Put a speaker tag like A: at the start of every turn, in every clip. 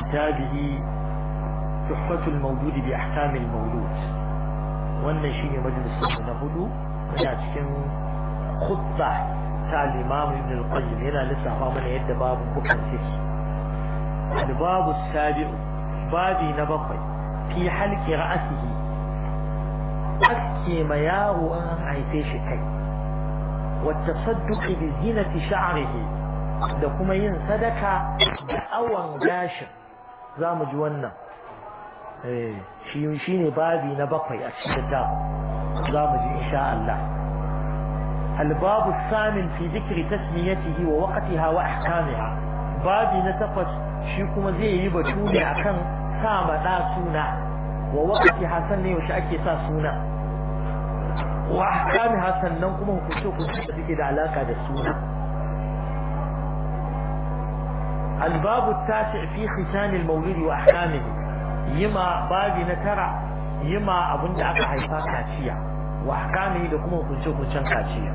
A: كتابه تحفة المولود بأحكام المولود والنشين مجلس المنهد ولكن خطة تعليمام ابن القيم هنا لسه فامنا يد باب بكر فيه الباب السابع بابي نبقي في حلق رأسه أكي مياه وان عيتيش كي والتصدق بزينة شعره لكم ينصدك بأوان جاشر za mu ji wannan shi ne babi na bakwai a cikin littafin za mu ji insha Allah fi الثامن tasmiyatihi wa waqtiha wa ahkamiha babi na tafas shi kuma zai yi batu ne akan sa bada suna wa waqti hasan ne yaushe ake sa suna
B: wa ahkamiha
A: sannan kuma hukunci hukunci da suke da alaka da suna الباب التاسع في ختان المولود وأحكامه يما بابي نترى يما أبن دعك حيفا كاتشيا وأحكامه لكم كنشو كنشان كاتشيا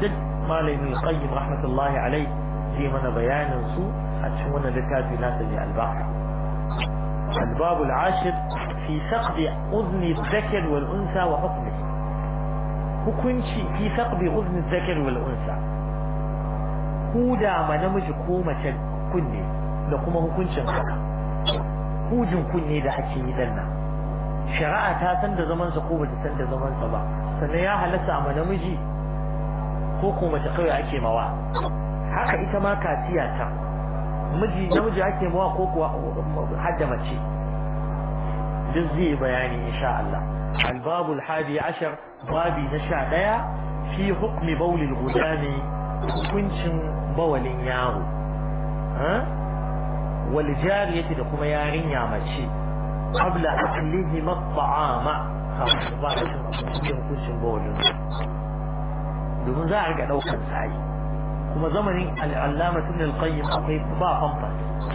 A: دل ما لين القيم رحمة الله عليه في من بيان سوء أتشون لكاتب لا تجي البحر الباب العاشر في ثقب أذن الذكر والأنثى وحكمه hukunci fi saqbi uzni zakar wal unsa huda ma namiji ko mace kunne da kuma hukuncin ka hujin kunne da ake yi dan nan shari'a ta san da zaman sa ko ba ta san da zaman sa ba sannan ya halatta a namiji ko ko mace kawai ake mawa haka ita ma kasiya ta miji namiji ake mawa ko kuwa hadda mace duk zai bayani insha Allah الباب ashar babi na sha ديا fi hukmi بول الغلام hukuncin bawalin yaro والجارية لكم يا رين يا مشي قبل أكلهم الطعام خلاص بعد شو نقول كل شيء بقوله دون زعل قال أوكي سعي كم زمني العلامة من القيم أقيم با فمطت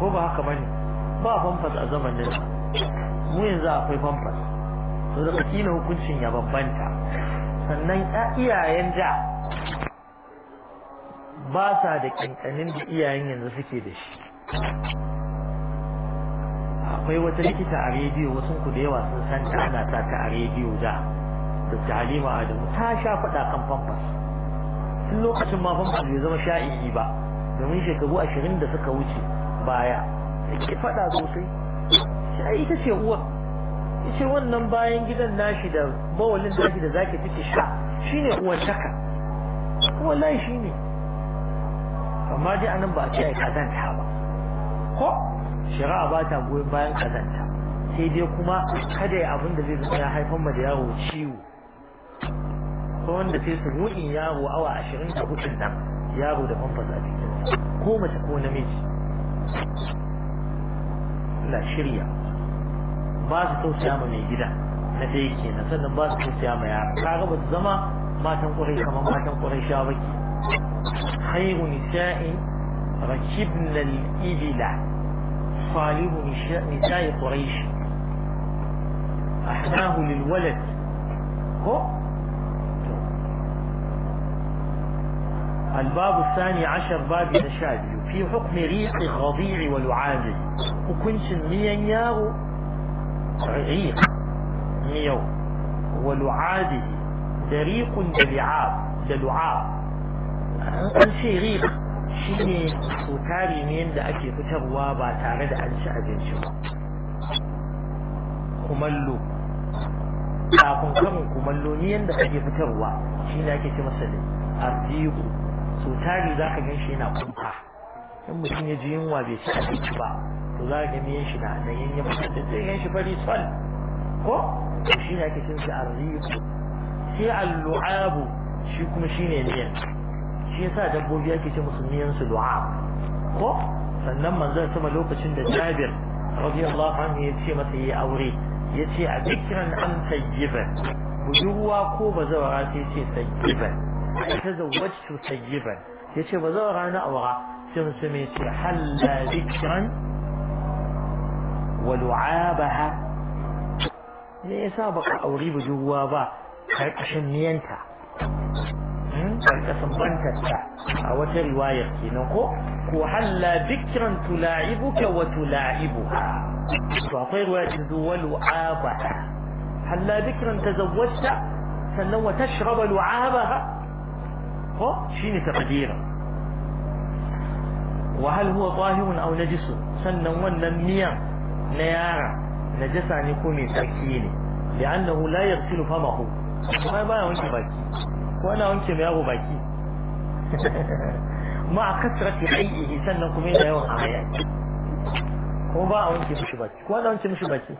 A: هو بها كمان با فمطت أزمن لنا مو ينزع في فمطت فرقتينه كل شيء يا بابانتا سنين أئيا آه، ينجع ba sa da kankanin da iyayen yanzu suke da shi akwai wata likita a rediyo wasu ku da yawa sun san ta ana sa ta a rediyo da da halima adamu ta sha faɗa kan famfas tun lokacin ma famfas bai zama sha'i'i ba domin shekaru ashirin da suka wuce baya ke faɗa sosai sha'i ita ce uwa ita wannan bayan gidan nashi da bawalin nashi da zaki take sha shine uwar taka wallahi shine amma dai anan ba a ce ai kazanta ba ko shari'a ba ta goyon bayan kazanta sai dai kuma kada ya abin da zai zama ya haifar ma da yawo ciwo ko wanda sai su ruɗin yaro awa ashirin da hutun nan yaro da famfas a ko mace ko namiji na shirya ba su tausaya ma mai gida na dai kenan sannan ba su tausaya ma yara ka ga ba zama matan ƙwarai kamar matan ƙwarai shabaki خير نساء ركبنا الإبل صالب نساء قريش أحناه للولد هو الباب الثاني عشر باب تشابه في حكم ريق الغضيع والعادل وكنت ميان يارو ريق ميو ولعاده دريق دلعاب دلعاب an ce riba shi ne tari ne yadda ake fitarwa ba tare da an ci abinci ba kumallo kafin karin kumallo ne yadda ake fitarwa shi ne ake ce masa da arziku tari za ka gan shi yana kumfa in mutum ya ji yunwa bai ci abinci ba to za ka gani yin shi na hannayen yanyan mutum da zai gan shi fari sol ko shi ne ake cin shi arziku sai allu'abu shi kuma shi ne miyan shi yasa dabbobi ake ce musulmiyan su du'a ko sannan manzo sama lokacin da Jabir radiyallahu anhu ya ce masa yi aure ya ce a bikiran an tayyiba budurwa ko bazawara sai ce tayyiba ai ta zawwajtu tayyiba ya ce bazawara na aura sai mutum ya ce halla bikiran wa lu'abaha me yasa baka auri budurwa ba karkashin niyanta بنت بنت أو رواية كينوكو وحلى ذكرا تلاعبك وتلاعبها تعطي رواية ولعابها حلى ذكرا تزوجت سنو تشرب لعابها هو شين تقدير وهل هو طاهر أو نجس سنو النمية نيارة نجس أن يكون سكيني لأنه لا يغسل فمه ما يبقى وانت باكي ko ana wanke mai yawo baki ma a kasar kasrati aiki sannan kuma yana yawan amaya ko ba a wanke mishi baki ko wani wanke mishi baki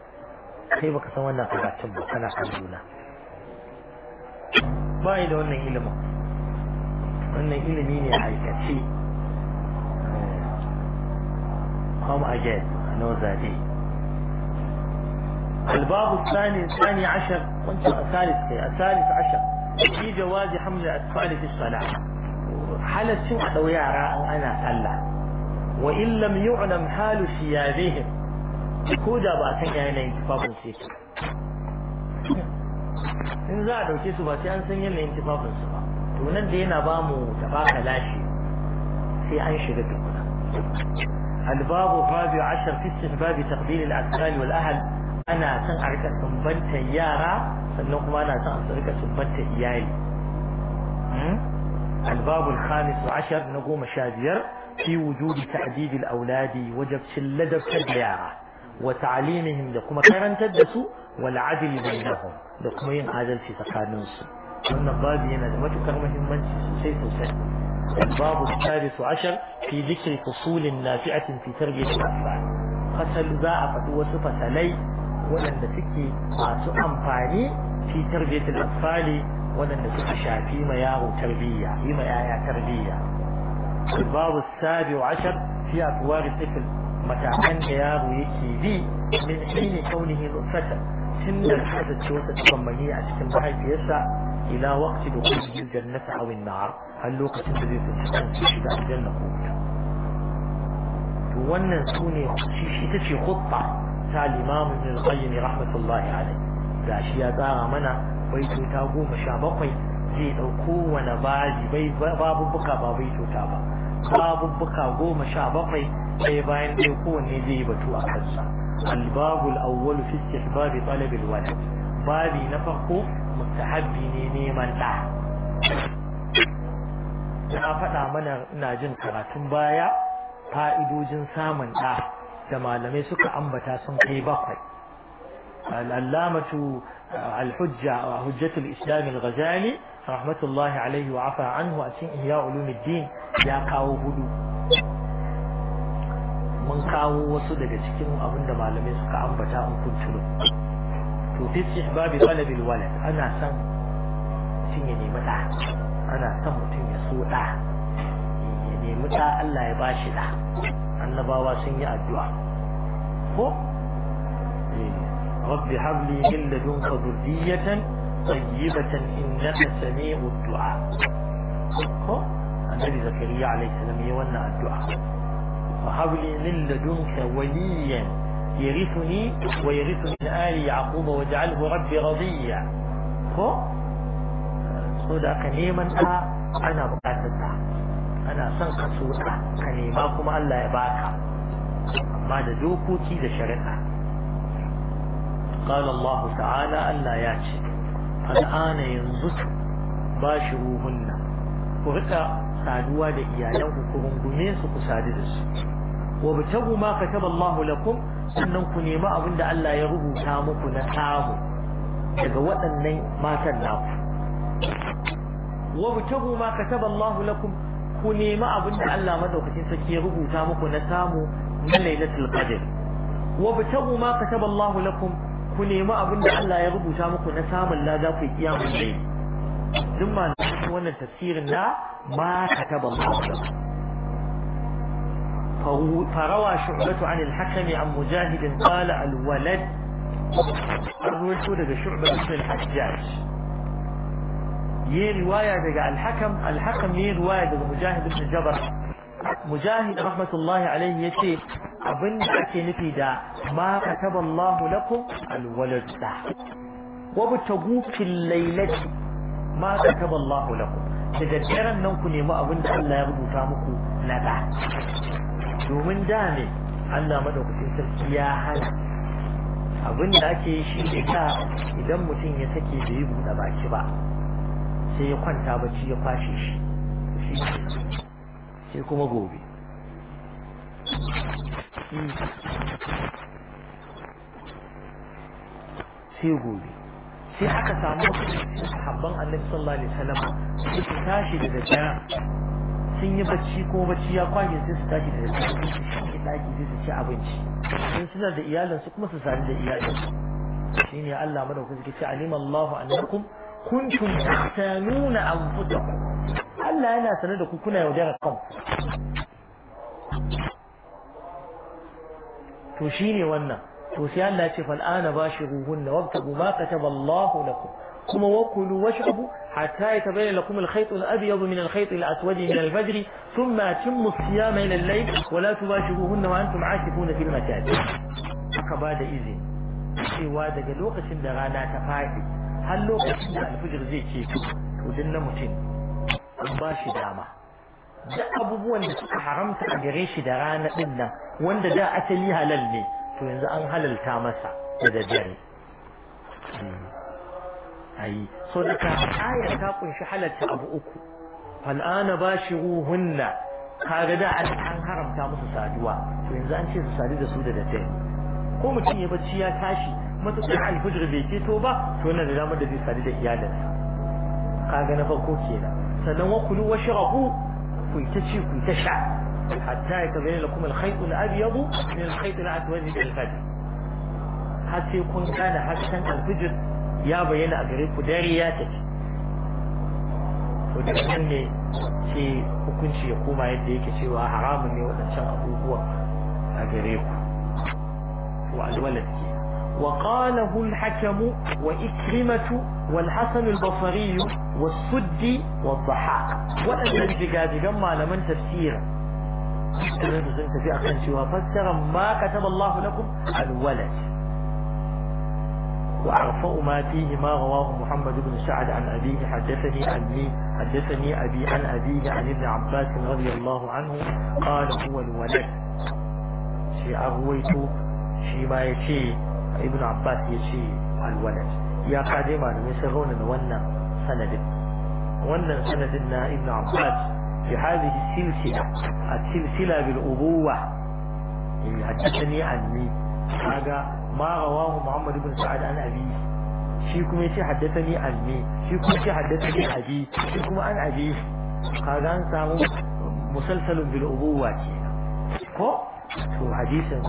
A: kai baka san wannan karatun ba kana kan juna ba yi da wannan ilimin wannan ilimi ne aikace eh, come again no that الباب الثاني الثاني عشر الثالث الثالث عشر في جواز حمل الأطفال في الصلاة حالة سوء أو أنا صلى وإن لم يعلم حال ثيابهم كودا بأسن يعني انتفاق سيكي إن za a ɗauke su ba sai an san yanayin tufafinsu ba to nan da yana ba mu الباب الرابع عشر في استحباب تقبيل الأطفال والأهل ana son a rika sumbanta yara sannan kuma ana son a rika sumbanta iyali الباب الخامس عشر نقوم شاذير في وجود تعديد الأولاد وجب شلدب كالديارة وتعليمهم لكم كرن تدسوا والعدل بينهم لكم ين عدل في تقانوس أن الباب ينادمت كرمهم من سيسوسيت الباب الثالث عشر في ذكر فصول نافعة في تربية الأطفال فصل ذا أفت وصفة لي waɗanda suke masu amfani fi tarbiyatul atfali waɗanda suka shafi ma yaro tarbiyya yi ma yaya tarbiyya babu sabi wa ashar fi atwari tifl matakan da yaro yake bi min hini kaunihi nutfatan tun da kasance wata tsammani a cikin mahaifiyarsa ila waqti dukhuli al-jannati aw an-nar har lokacin da zai tsinci shiga aljanna ko to wannan sune shi ita ce khutta ta limam ibn al-qayyim rahmatullahi alayhi gashi ya tsara mana baito ta goma sha bakwai zai dauko wani baji bai babubbuka ba baito ta ba babubbuka goma sha bakwai sai bayan dai kowanne zai yi batu a kansa al-babu al-awwal fi istihbab talab al-walad babi na farko mustahabbi ne neman da na faɗa mana ina jin karatun baya fa'idojin samun ɗa da malamai suka ambata sun kai bakwai al'allamatu al-hujja hujjatul islam al-ghazali rahmatullahi alaihi wa afa anhu a cikin ihya ulumuddin ya kawo hudu mun kawo wasu daga cikin abin da malamai suka ambata an kuntulu to fi istihbabi talabil walad ana son mutum ya nemi ɗa, ana son mutum ya so ɗa. ya muta Allah ya bashi da annabawa sun yi addu'a ko rabbi habli min ladunka dhurriyatan tayyibatan innaka sami'u du'a ko annabi zakariya alayhi salam ya wannan addu'a fa habli min ladunka waliyan يرثني ويرث من آل يعقوب واجعله rabbi رضيا ko ko da ka neman ta ana bukatar ta ana son ka tsotsa ka nema kuma Allah ya baka amma da dokoki da shari'a قال الله تعالى ألا ياتي الآن ينزت باشروهن ورقى saduwa da iyalanku ku rungume su ku sadu da su wa bitagu ma kataba Allahu lakum sannan ku nemi abin da Allah ya rubuta muku na samu daga waɗannan matan naku wa ma ku nemi abin da Allah madaukakin sarki ya rubuta muku na samu na lailatul qadr wa bitabu ma kataba Allah lakum ku nemi abin da Allah ya rubuta muku na samun lada ku kiyamun dai duk ma wannan tafsirin da ma kataba Allah fa lakum فروى شعبة عن الحكم عن مجاهد قال الولد daga شعبة al-hajjaj yi riwaya daga alhakam alhakam yi riwaya daga mujahid ibn jabar mujahid rahmatullahi alaihi yace abin da ake nufi da ma kataba Allah lakum alwalad da wa butagu fil lailati ma kataba Allah lakum da daddaren nan ku nema abin da Allah ya rubuta muku na da domin da ne Allah madaukakin sarki ya hana abin da ake yi shi ne ka idan mutum ya sake da yi buɗe baki ba sai ya kwanta bacci ya kwashe shi sai kuma gobe hmm. sai gobe sai aka samu habban annabi sallallahu alaihi wasallam su tashi da daddare sun yi bacci ko bacci ya kwage sai su tashi da daddare su daki sai su ci abinci in suna da iyalansu kuma su sami da iyalansu shine Allah madaukakin sarki alimallahu annakum كنتم تحتالون أنفسكم الا أنا سندكم كنا يودير القوم تشيني ونا تسيان لا تشف الآن باشغوهن وابتبوا ما كتب الله لكم ثم وكلوا واشربوا حتى يتبين لكم الخيط الأبيض من الخيط الأسود من الفجر ثم تموا الصيام إلى الليل ولا تباشغوهن وأنتم عاشقون في المتاجر أكباد إذن في وادق الوقت عند غانا تفاتي har lokacin da alfijir zai ce to din na mutum an ba shi dama duk abubuwan da suka haramta a gare shi da rana din nan wanda da asali halal ne to yanzu an halalta masa da daddare hmm. ayi so daga ayar ta kunshi halalta abu uku fal'ana bashi shi ruhunna kaga da an haramta musu saduwa to yanzu an ce su sadu da su da daddare ko mutum ya bacci ya tashi matuƙar alfijir bai keto ba to yana da damar da zai sadu da iyalinsa kaga na farko kenan sannan wa kulu wa shirahu ku ta ci ku ta sha hatta ya tabayyana lakum al-khayt al-abyad min al-khayt al-aswad min al-fajr har sai kun kana hasken alfijir ya bayyana a gare ku dare ya tafi to da nan ne ce hukunci ya koma yadda yake cewa haramun ne waɗancan abubuwa a gare ku wa alwalad ke وقاله الحكم وإكرمة والحسن البصري والسدي والضحاك وأن الجقاد جمع لمن تفسير فسر ما كتب الله لكم الولد وأعرف ما فيه ما رواه محمد بن سعد عن أبيه حدثني أبي حدثني أبي عن أبيه عن ابن عباس رضي الله عنه قال هو الولد شيء أغويته شيء ما يشيء ابن عباس يشي الولد يا قادم على مسهون ونا سند ونا سندنا ابن عباس في هذه السلسلة السلسلة بالأبوة يعني حدثني عني هذا ما رواه محمد بن سعد عن أبيه فيكم يشي حدثني عني فيكم يشي حدثني أبي فيكم عن أبيه هذا سامو مسلسل بالأبوة كينا. 好。Oh. to hadisin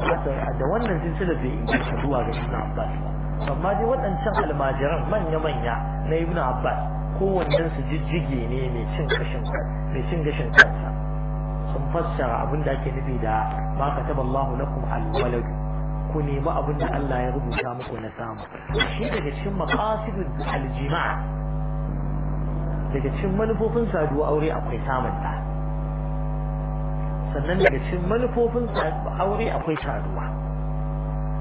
A: da wannan silsilar bai inganta zuwa ga ibn abbas ba amma dai waɗancan almajiran manya-manya na ibn abbas kowannen su jijjige ne mai cin kashin mai cin gashin kansa sun fassara abin da ake nufi da ma kataba Allahu lakum al-walad ku nemi abin da Allah ya rubuta muku na samu shi daga cikin maqasidul al-jima' daga cikin manufofin saduwa aure akwai samun ɗa sannan daga cikin manufofin aure akwai saduwa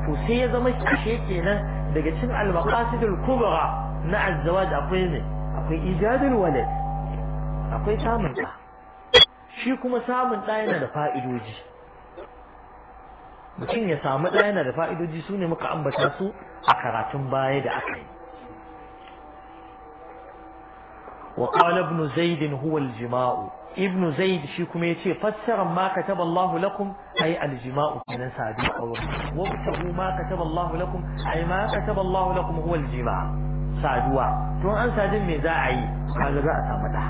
A: to sai ya zama kashe kenan daga cikin almaqasidul kubra na azwaj akwai ne akwai ijadul walad akwai samun ɗa shi kuma samun ɗa yana da fa'idoji mutum ya samu ɗa yana da fa'idoji su ne muka ambata su a karatun baya da aka yi wa qala ibn zaid huwa al-jima'u ibn zaid shi kuma yace fassara ma kataba Allah lakum ay al-jima'u kenan sadi aure wa ma kataballahu Allah lakum ay ma kataballahu Allah lakum huwa al-jima' saduwa to an sadin me za a yi kaga za a samu da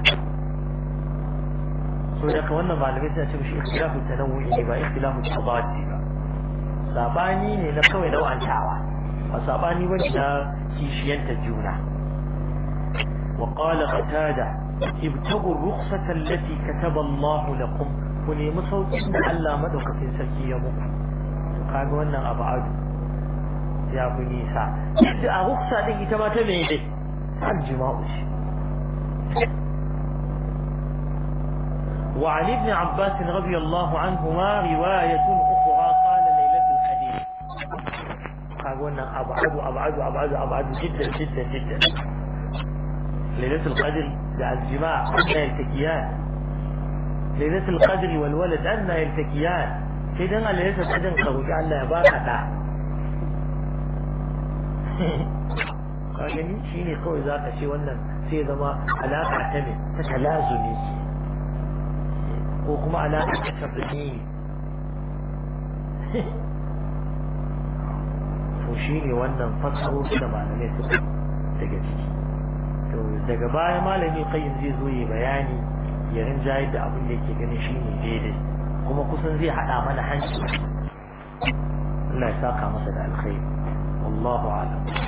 A: so da wannan malamai suna ce shi ikhtilafu tanawwi ne ba ikhtilafu tabati ba sabani ne na kawai nau'antawa ba sabani bane na kishiyanta juna وقال قتادة ابتغوا الرخصة التي كتب الله لكم ونيم صوتين ألا مدوك في سكي قالوا أن أبعد يا بني سعى الرخصة التي لك كما تميلي الجماع وعن ابن عباس رضي الله عنهما رواية أخرى قال ليلة الحديث قالوا أن أبعد أبعد أبعد أبعد جدا جدا جدا lailatul qadr da aljima anna yaltakiyan lailatul qadr wal walad anna yaltakiyan sai dan lailatul qadr ka roki Allah ya baka da ka gani shine kawai zaka ce wannan sai zama alaka ta ne ko kuma alaka ta tabbini to shine wannan fasaro da malamai suka daga ciki to daga baya malami kayin zai zo yi bayani ya rinjaye da abin da yake ganin shi ne daidai kuma kusan zai hada mana hanci
B: Allah ya saka masa da alkhairi wallahu a'lam